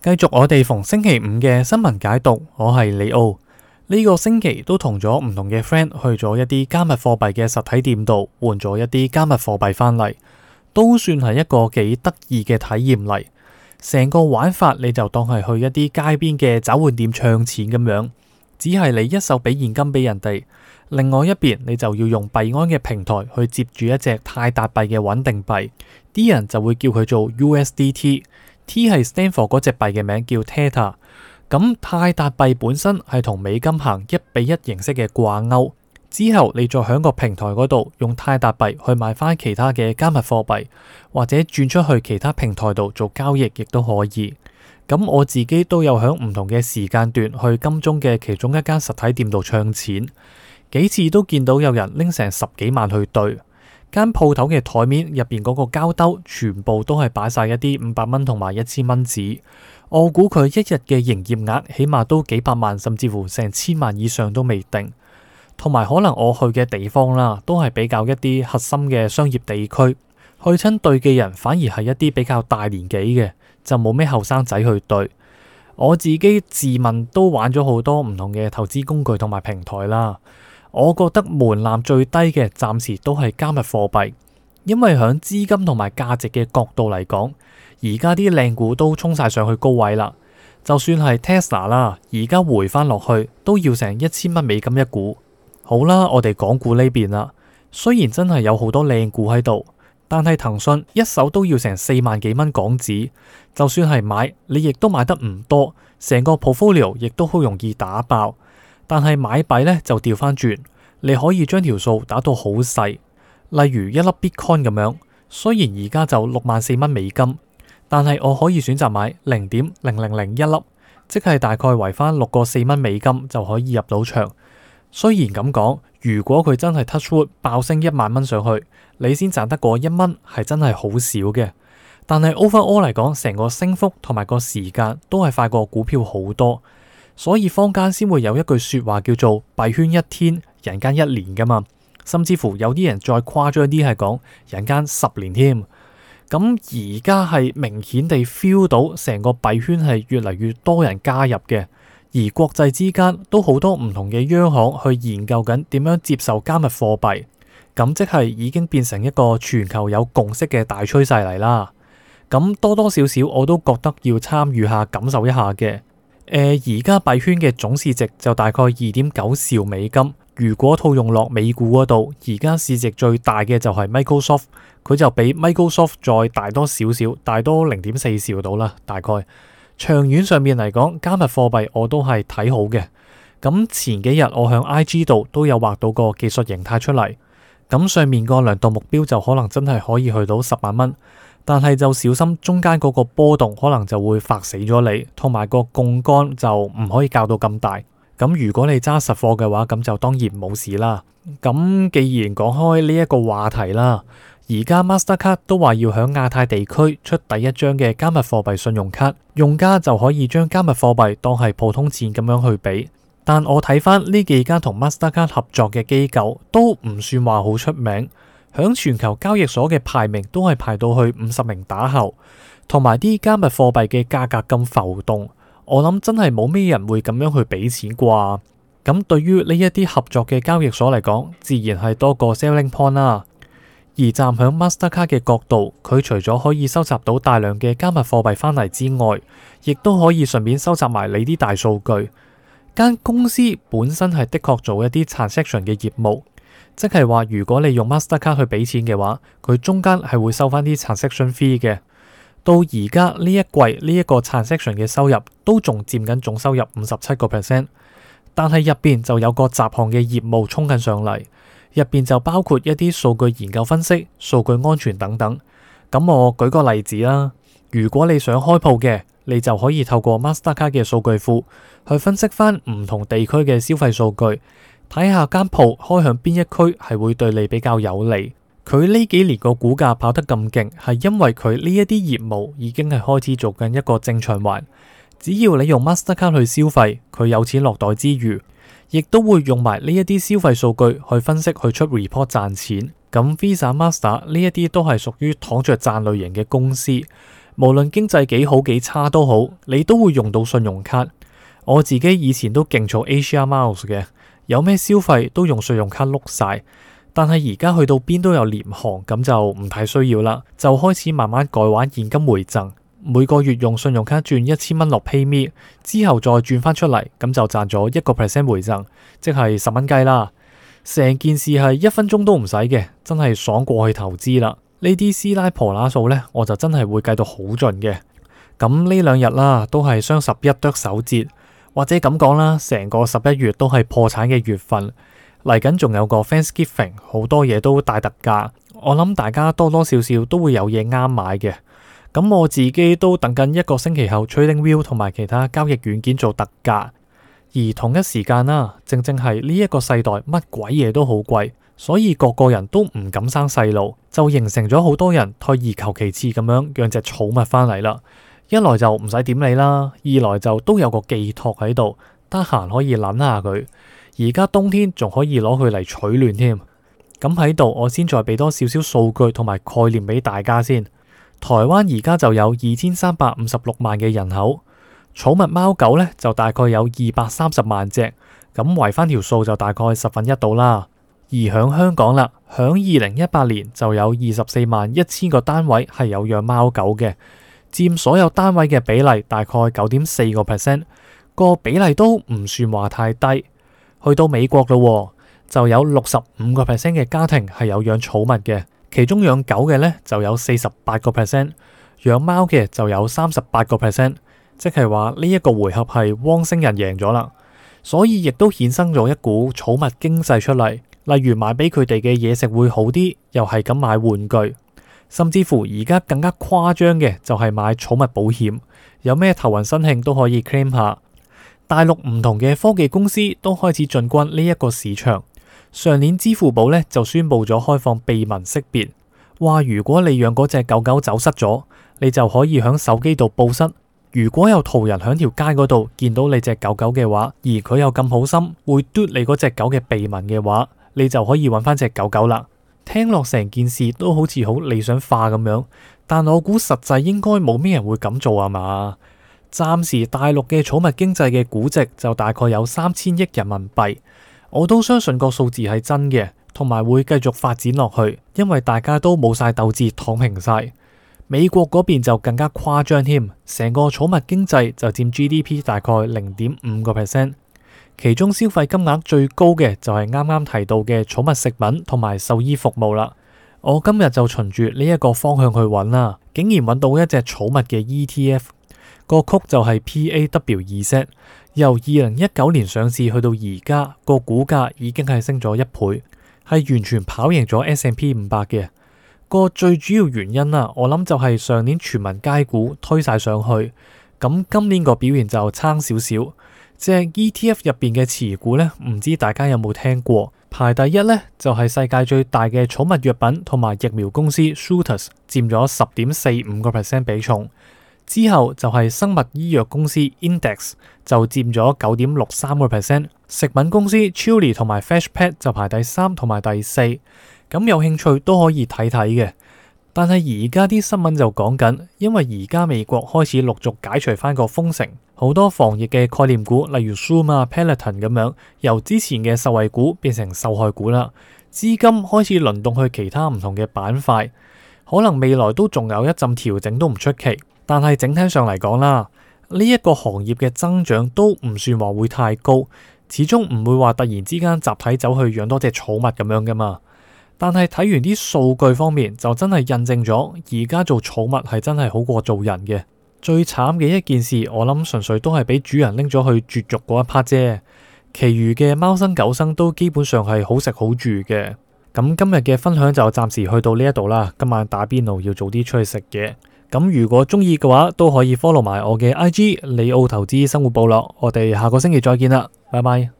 繼續我哋逢星期五嘅新聞解讀，我係李奧。呢個星期都同咗唔同嘅 friend 去咗一啲加密貨幣嘅實體店度換咗一啲加密貨幣翻嚟，都算係一個幾得意嘅體驗嚟。成個玩法你就當係去一啲街邊嘅找換店唱錢咁樣，只係你一手俾現金俾人哋，另外一邊你就要用幣安嘅平台去接住一隻泰達幣嘅穩定幣，啲人就會叫佢做 USDT。T 係 stand for 嗰隻幣嘅名叫 Tether，咁泰達幣本身係同美金行一比一形式嘅掛鈎，之後你再喺個平台嗰度用泰達幣去買返其他嘅加密貨幣，或者轉出去其他平台度做交易亦都可以。咁我自己都有喺唔同嘅時間段去金鐘嘅其中一間實體店度唱錢，幾次都見到有人拎成十幾萬去兌。間鋪頭嘅台面入邊嗰個膠兜，全部都係擺晒一啲五百蚊同埋一千蚊紙。我估佢一日嘅營業額起碼都幾百萬，甚至乎成千萬以上都未定。同埋可能我去嘅地方啦，都係比較一啲核心嘅商業地區。去親兌嘅人反而係一啲比較大年紀嘅，就冇咩後生仔去兌。我自己自問都玩咗好多唔同嘅投資工具同埋平台啦。我覺得門檻最低嘅，暫時都係加密貨幣，因為響資金同埋價值嘅角度嚟講，而家啲靚股都衝晒上去高位啦。就算係 Tesla 啦，而家回翻，落去都要成一千蚊美金一股。好啦，我哋港股呢邊啦，雖然真係有好多靚股喺度，但係騰訊一手都要成四萬幾蚊港紙，就算係買，你亦都買得唔多，成個 portfolio 亦都好容易打爆。但係買幣咧就掉翻轉，你可以將條數打到好細，例如一粒 Bitcoin 咁樣。雖然而家就六萬四蚊美金，但係我可以選擇買零點零零零一粒，即係大概維翻六個四蚊美金就可以入到場。雖然咁講，如果佢真係 touch wood 爆升一萬蚊上去，你先賺得過一蚊係真係好少嘅。但係 overall 嚟講，成個升幅同埋個時間都係快過股票好多。所以坊間先會有一句說話，叫做幣圈一天人間一年噶嘛，甚至乎有啲人再誇張啲係講人間十年添。咁而家係明顯地 feel 到成個幣圈係越嚟越多人加入嘅，而國際之間都好多唔同嘅央行去研究緊點樣接受加密貨幣，咁、嗯、即係已經變成一個全球有共識嘅大趨勢嚟啦。咁、嗯、多多少少我都覺得要參與下感受一下嘅。誒，而家幣圈嘅總市值就大概二點九兆美金。如果套用落美股嗰度，而家市值最大嘅就係 Microsoft，佢就比 Microsoft 再大多少少，大多零點四兆到啦，大概。長遠上面嚟講，加密貨幣我都係睇好嘅。咁前幾日我向 IG 度都有畫到個技術形態出嚟，咁上面個量度目標就可能真係可以去到十萬蚊。但係就小心，中間嗰個波動可能就會發死咗你，同埋個槓桿就唔可以較到咁大。咁如果你揸實貨嘅話，咁就當然冇事啦。咁既然講開呢一個話題啦，而家 Mastercard 都話要響亞太地區出第一張嘅加密貨幣信用卡，用家就可以將加密貨幣當係普通錢咁樣去俾。但我睇返呢幾間同 Mastercard 合作嘅機構，都唔算話好出名。喺全球交易所嘅排名都係排到去五十名打後，同埋啲加密貨幣嘅價格咁浮動，我諗真係冇咩人會咁樣去俾錢啩。咁對於呢一啲合作嘅交易所嚟講，自然係多個 selling point 啦，啊。而站喺 Mastercard 嘅角度，佢除咗可以收集到大量嘅加密貨幣返嚟之外，亦都可以順便收集埋你啲大數據。間公司本身係的確做一啲 transaction 嘅業務。即係話，如果你用 Mastercard 去俾錢嘅話，佢中間係會收翻啲 transaction fee 嘅。到而家呢一季呢一個 transaction 嘅收入，都仲佔緊總收入五十七個 percent。但係入邊就有個雜項嘅業務衝緊上嚟，入邊就包括一啲數據研究分析、數據安全等等。咁我舉個例子啦，如果你想開鋪嘅，你就可以透過 Mastercard 嘅數據庫去分析翻唔同地區嘅消費數據。睇下，間鋪開向邊一區係會對你比較有利。佢呢幾年個股價跑得咁勁，係因為佢呢一啲業務已經係開始做緊一個正循環。只要你用 Master 卡去消費，佢有錢落袋之餘，亦都會用埋呢一啲消費數據去分析去出 report 賺錢。咁 Visa、Master 呢一啲都係屬於躺着賺類型嘅公司，無論經濟幾好幾差都好，你都會用到信用卡。我自己以前都勁做 Asia Miles 嘅。有咩消費都用信用卡碌晒，但係而家去到邊都有廉航，咁就唔太需要啦。就開始慢慢改玩現金回贈，每個月用信用卡轉一千蚊落 PayMe，之後再轉翻出嚟，咁就賺咗一個 percent 回贈，即係十蚊雞啦。成件事係一分鐘都唔使嘅，真係爽過去投資啦。呢啲師奶婆乸數呢，我就真係會計到好盡嘅。咁呢兩日啦，都係雙十一剁手節。或者咁講啦，成個十一月都係破產嘅月份嚟緊，仲有個 Thanksgiving 好多嘢都大特價，我諗大家多多少少都會有嘢啱買嘅。咁我自己都等緊一個星期後，TradingView 同埋其他交易軟件做特價，而同一時間啦，正正係呢一個世代乜鬼嘢都好貴，所以個個人都唔敢生細路，就形成咗好多人退而求其次咁樣養隻寵物返嚟啦。一來就唔使點理啦，二來就都有個寄託喺度，得閒可以撚下佢。而家冬天仲可以攞佢嚟取暖添。咁喺度，我先再俾多少少數據同埋概念俾大家先。台灣而家就有二千三百五十六萬嘅人口，寵物貓狗呢就大概有二百三十萬隻，咁維翻條數就大概十分一度啦。而響香港啦，響二零一八年就有二十四萬一千個單位係有養貓狗嘅。佔所有單位嘅比例大概九點四個 percent，個比例都唔算話太低。去到美國咯喎，就有六十五個 percent 嘅家庭係有養寵物嘅，其中養狗嘅呢就有四十八個 percent，養貓嘅就有三十八個 percent，即係話呢一個回合係汪星人贏咗啦。所以亦都衍生咗一股寵物經濟出嚟，例如買俾佢哋嘅嘢食會好啲，又係咁買玩具。甚至乎而家更加誇張嘅就係買寵物保險，有咩頭暈身慶都可以 claim 下。大陸唔同嘅科技公司都開始進軍呢一個市場。上年支付寶咧就宣布咗開放鼻紋識別，話如果你養嗰隻狗狗走失咗，你就可以喺手機度報失。如果有途人喺條街嗰度見到你隻狗狗嘅話，而佢又咁好心會嘟你嗰隻狗嘅鼻紋嘅話，你就可以揾翻隻狗狗啦。聽落成件事都好似好理想化咁樣，但我估實際應該冇咩人會咁做啊嘛。暫時大陸嘅寵物經濟嘅估值就大概有三千億人民幣，我都相信個數字係真嘅，同埋會繼續發展落去，因為大家都冇晒鬥志躺平晒。美國嗰邊就更加誇張添，成個寵物經濟就佔 GDP 大概零點五個 percent。其中消費金額最高嘅就係啱啱提到嘅寵物食品同埋獸醫服務啦。我今日就循住呢一個方向去搵啦、啊，竟然搵到一隻寵物嘅 ETF，個 Code 就係 PAWZ，由二零一九年上市去到而家，個股價已經係升咗一倍，係完全跑贏咗 S&P 五百嘅。個最主要原因啊，我諗就係上年全民皆股推晒上去，咁今年個表現就差少少。隻 ETF 入邊嘅持股呢，唔知大家有冇聽過？排第一呢，就係、是、世界最大嘅寵物藥品同埋疫苗公司 Shooters 佔咗十點四五個 percent 比重。之後就係生物醫藥公司 Index 就佔咗九點六三個 percent。食品公司 Chewy 同埋 Freshpet 就排第三同埋第四。咁有興趣都可以睇睇嘅。但係而家啲新聞就講緊，因為而家美國開始陸續解除翻個封城，好多防疫嘅概念股，例如 Zoom 啊、Peloton 咁樣，由之前嘅受惠股變成受害股啦。資金開始輪動去其他唔同嘅板塊，可能未來都仲有一陣調整都唔出奇。但係整體上嚟講啦，呢一個行業嘅增長都唔算話會太高，始終唔會話突然之間集體走去養多隻寵物咁樣噶嘛。但係睇完啲數據方面，就真係印證咗，而家做寵物係真係好過做人嘅。最慘嘅一件事，我諗純粹都係俾主人拎咗去絕育嗰一 part 啫。其餘嘅貓生狗生都基本上係好食好住嘅。咁今日嘅分享就暫時去到呢一度啦。今晚打邊爐要早啲出去食嘢。咁如果中意嘅話，都可以 follow 埋我嘅 IG 李奧投資生活部落。我哋下個星期再見啦，拜拜。